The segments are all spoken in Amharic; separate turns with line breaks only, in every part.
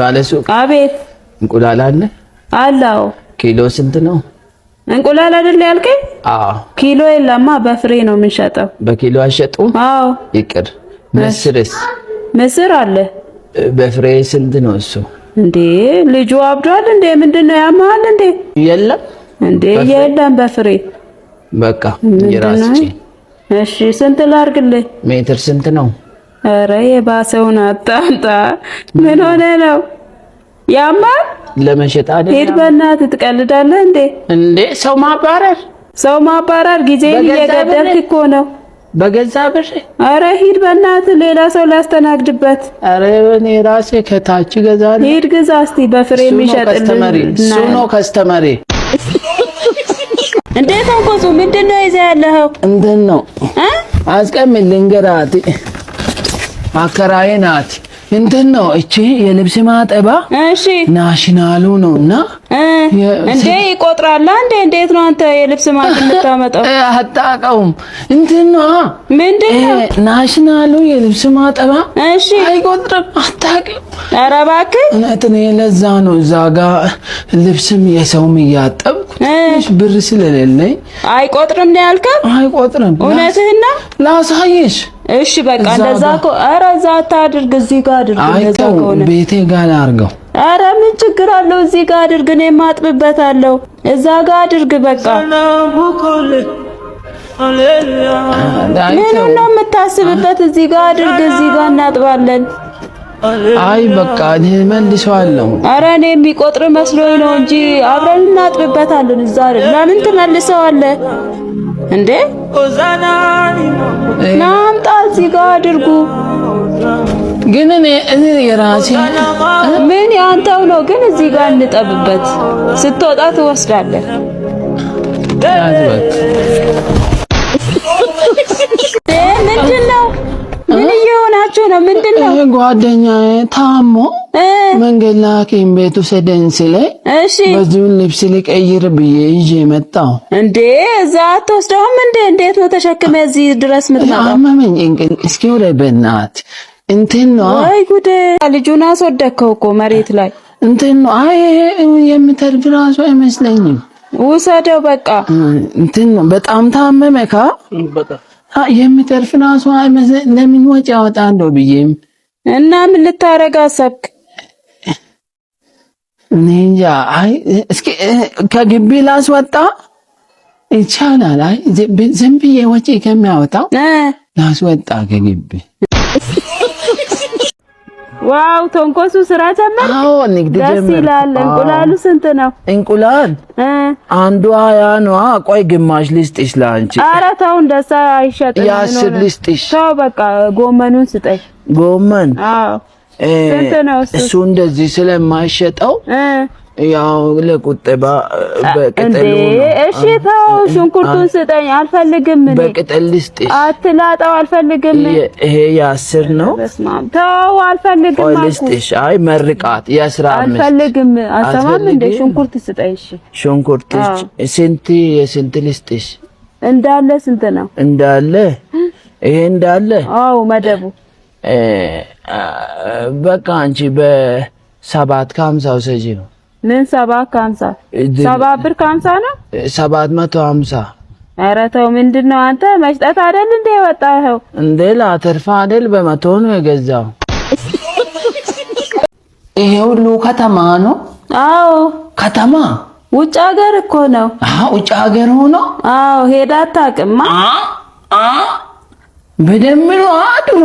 ባለ ሱቅ አቤት። እንቁላል አለ አላው። ኪሎ ስንት ነው?
እንቁላል አይደል ያልከኝ? አዎ። ኪሎ የለማ በፍሬ ነው የምንሸጠው።
በኪሎ አሸጡ? አዎ። ይቅር። ምስርስ? ምስር አለ። በፍሬ ስንት ነው እሱ?
እንዴ ልጁ አብዷል እንዴ? ምንድነው ያማል እንዴ? የለም እንዴ የለም። በፍሬ
በቃ የራስሽ።
እሺ ስንት ላርግልህ?
ሜትር ስንት ነው?
ኧረ የባሰውን አጣምጣ። ምን ሆነ ነው ያማ?
ለመሸጥ አይደል?
ሂድ በእናትህ ትቀልዳለህ እንዴ?
እንዴ ሰው ማባረር
ሰው ማባረር ጊዜን እየገደልክ እኮ ነው።
በገዛ ብር
አረ ሂድ በእናትህ ሌላ ሰው ላስተናግድበት።
አረ እኔ ራሴ ከታች ገዛ
ነው። ሂድ ግዛ እስቲ በፍሬ የሚሸጥልን
እሱ ነው ከስተመሬ።
እንዴት አንቆጹ ምንድን ይዘህ ያለኸው?
ምንድን ነው አስቀምጥ ልንገርህ አከራዬ ናት። እንትን ነው እቺ የልብስ ማጠባ ናሽናሉ ነው እና
እንዴ ይቆጥራል እንዴ? እንዴት ነው አንተ የልብስ ማት የምታመጣው?
አታውቀውም? እንትን ነው ምንድን ነው ናሽናሉ የልብስ ማጠባ። እሺ አይቆጥርም፣ አታውቅም።
ኧረ እባክህ
እውነት ነው። ለዛ ነው እዛ ጋ ልብስም የሰውም እያጠብኩ ትንሽ ብር ስለሌለኝ
አይቆጥርም ነው ያልከው? አይቆጥርም። እውነትህን ነው
ላሳየሽ
እሺ በቃ እንደዛ እኮ ኧረ እዛ አታድርግ፣ እዚህ ጋር
አድርግ። ቤቴ ጋር አድርገው
አረ ምን ችግር አለው? እዚህ ጋር አድርግ፣ እኔ ማጥብበታለሁ። እዛ ጋር አድርግ። በቃ ምኑን ነው የምታስብበት? እዚህ ጋር አድርግ፣ እዚህ ጋር እናጥባለን።
አይ በቃ እኔ መልሰዋለሁ።
አረ እኔ የሚቆጥር መስሎኝ ነው እንጂ አብረን እናጥብበታለን። እዛ አይደል? ለምን ትመልሰዋለህ እንዴ? ናምጣ እዚህ ጋር አድርጉ።
ግን እኔ እኔ የራሴ
ምን ያንተው ነው። ግን እዚህ ጋር እንጠብበት። ስትወጣ ትወስዳለህ። ምንድን ነው
ጓደኛዬ ታሞ መንገድ ላኪም ቤቱ ሰደኝ ሲለኝ፣ እሺ በዚሁን ልብስ ልቀይር ብዬ ይዤ መጣሁ።
እንዴ እዛ አትወስደውም እንዴ? እንዴት ነው ተሸክመ እዚህ ድረስ ምትመጣው?
አመመኝ። እስኪ ውረድ በናት እንትን ነው
አይ ጉዴ፣ ልጁን አስወደቅከው እኮ መሬት ላይ
እንትን ነው። አይ የምተርፍ ራሱ አይመስለኝም።
ውሰደው በቃ።
እንትን ነው በጣም ታመመካ በጣም የምተርፍ ራሷ ለምን ወጪ አወጣለሁ ብዬም
እና ምን ልታረግ አሰብክ?
እንጃ። አይ እስኪ ከግቢ ላስወጣ ይቻላል። አይ ዝም ብዬ ወጪ ከሚያወጣው ላስወጣ ከግቢ
ዋው ተንኮሱ ስራ ጀመር። አዎ ንግድ ጀመር። ደስ ይላል። እንቁላሉ ስንት ነው?
እንቁላል አንዱ ሀያ ነው። ቆይ ግማሽ ልስጥሽ ለአንቺ።
ኧረ ተው እንደዛ አይሸጥም።
የአስር ልስጥሽ።
ተው በቃ ጎመኑን ስጠሽ። ጎመን አዎ
ስንት ነው እሱ? እንደዚህ ስለማይሸጠው ያው ለቁጠባ
እሺ ተው፣ ሽንኩርቱን ስጠኝ። አልፈልግም።
በቅጠል ልስጥሽ።
አትላጣው። አልፈልግም።
ይሄ የአስር ነው።
ተው፣ አልፈልግም።
አይ መርቃት የአስራ አምስት
አልፈልግም። አሰማም እንደ ሽንኩርት ስጠኝ። እሺ
ሽንኩርት ስንት የስንት ልስጥሽ?
እንዳለ ስንት ነው?
እንዳለ ይሄ እንዳለ።
አዎ መደቡ
በቃ አንቺ በሰባት ከሀምሳው ሰጂ ነው
ምን ሰባ ከሀምሳ ሰባ ብር ከሀምሳ ነው
ሰባት መቶ ሀምሳ
ኧረ ተው ምንድን ነው አንተ መሽጠት አይደል እንደ የወጣኸው
እንደ ላተርፋ አይደል በመቶ ነው የገዛው ይሄ ሁሉ ከተማ ነው አዎ ከተማ
ውጭ ሀገር እኮ ነው
ውጭ ሀገር ሆኖ
አዎ ሄዳ አታውቅማ
በደምብ ነው አድሮ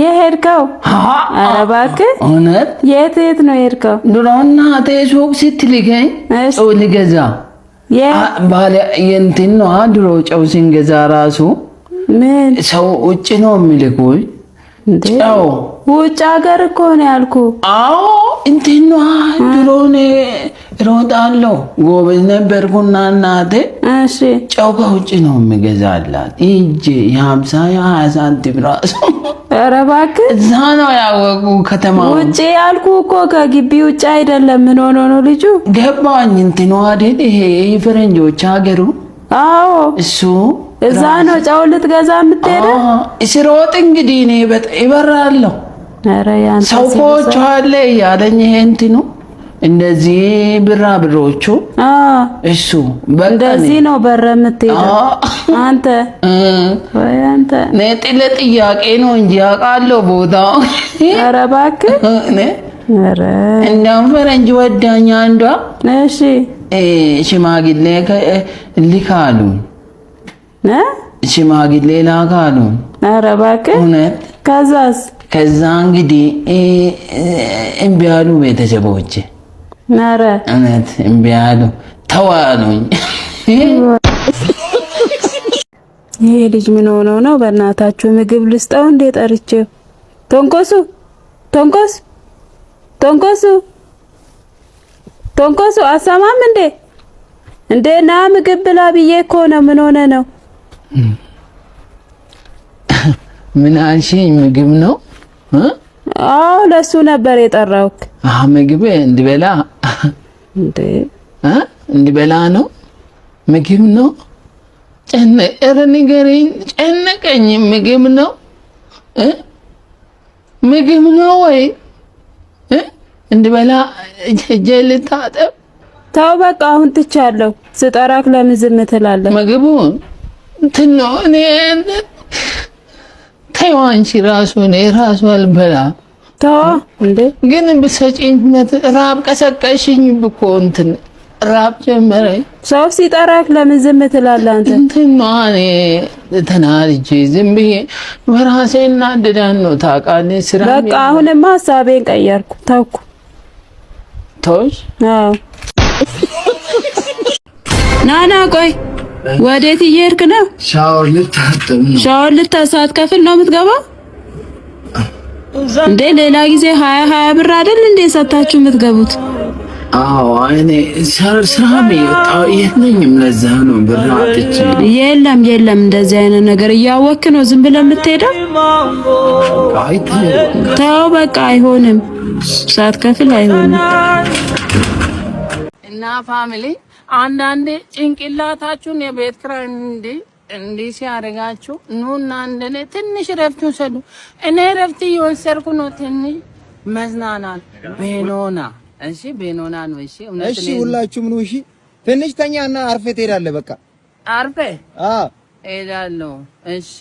የሄድከው ኧረ እባክህ እውነት የት የት ነው የሄድከው?
ድሮ እናቴ ሱቅ ስትልከኝ ጨው ልገዛ ባለ የእንትን ነዋ። ድሮ ጨው ስንገዛ ራሱ ሰው ውጭ ነው የሚልኩ ጨው
ውጭ ሀገር እኮ ነው ያልኩህ።
አዎ እንትን ነዋ። ድሮ እኔ እሮጣለሁ ጎበዝ ነበርኩና እናቴ ጨው ከውጭ ነው የሚገዛላት ሂጅ የሀምሳ የሀያ ሳንቲም ራሱ
ኧረ እባክህ
እዛ ነው ያወቁ ከተማ
ውጭ ያልኩ እኮ ከግቢ ውጭ አይደለም። ምን ሆኖ ነው ልጁ?
ገባኝ። እንትኑ አይደል ይሄ ፈረንጆች ሀገሩ? አዎ እሱ
እዛ ነው ጨው ልትገዛ የምትሄደው።
ስሮጥ እንግዲህ እኔ በጣም ይበራለሁ። ኧረ ሰው ኮቹ አለ እያለኝ ይሄ እንትኑ እነዚህ ብራ ብሮቹ እሱ
እንደዚህ ነው። በረ የምትሄደው አንተ አንተ
ነጥ ለጥያቄ ነው እንጂ አውቃለሁ ቦታው።
ኧረ እባክህ
እንዳውም ፈረንጅ ወዳኛ አንዷ እሺ ሽማግሌ ልካሉን ሽማግሌ ላካሉ።
ኧረ እባክህ እውነት ከዛስ
ከዛ እንግዲህ እምቢ አሉ ቤተሰቦቼ ኧረ እውነት እምቢ አሉ ተዋሉኝ።
ይሄ ልጅ ምን ሆነው ነው? በእናታችሁ ምግብ ልስጠው እንዴ ጠርቼው። ቶንኮሱ ቶንኮሱ ቶንኮሱ ቶንኮሱ አሰማም እንዴ እንዴ ና ምግብ ብላ ብዬ እኮ ነው። ምን ሆነ ነው?
ምን አልሽኝ? ምግብ ነው
አዎ ለሱ ነበር የጠራውክ።
አህ ምግብ እንዲበላ እንዴ? አ እንዲበላ ነው ምግብ ነው። ጨነ ኧረ ንገረኝ፣ ጨነቀኝ። ምግብ ነው እ ምግብ ነው ወይ እ እንዲበላ እጄ ልታጠብ።
ተው በቃ አሁን ትቻለሁ። ስጠራክ ለምን ዝም ትላለህ?
ምግቡ እንትን ነው እኔ ተይዋንቺ ራሱ እኔ ራሱ አልበላ እንደ ግን ራብ ቀሰቀሽኝ ብኮ እንትን ራብ ጀመረኝ።
ሰው ሲጠራክ ለምን ዝም ትላለህ አንተ?
እንትን ነዋ እኔ ተናድጄ ዝም ብዬ በራሴ እናድዳን ነው ታውቃለህ። ስራ
በቃ አሁንማ ሀሳቤን ቀየርኩ ተውኩ። ተውሽ? አዎ። ናና ቆይ ወዴት እየሄድክ ነው? ሻወር ልታሳት ከፍል ነው የምትገባው እንዴ ሌላ ጊዜ ሀያ ሀያ ብር አይደል እንዴ ሰታችሁ የምትገቡት?
አዎ እኔ ስራም የለኝም፣ ለዛ ነው ብር አጥቼ።
የለም የለም፣ እንደዚህ አይነት ነገር እያወክ ነው ዝም ብለህ የምትሄደው። ተው በቃ አይሆንም፣ ሳትከፍል አይሆንም። እና ፋሚሊ አንዳንዴ ጭንቅላታችሁን የቤት ክራይ እንዴ እንዲህ ሲያደርጋችሁ ኑና እንደኔ ትንሽ ረፍት ውሰዱ። እኔ ረፍት እየወሰድኩ ነው። ትንሽ መዝናናት ቤኖና። እሺ ቤኖና ነው። እሺ
እሺ ሁላችሁም ነው። እሺ ትንሽ ተኛና አርፌ ትሄዳለህ። በቃ አርፌ። አዎ
እሄዳለሁ። እሺ